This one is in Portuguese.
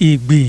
ìgbì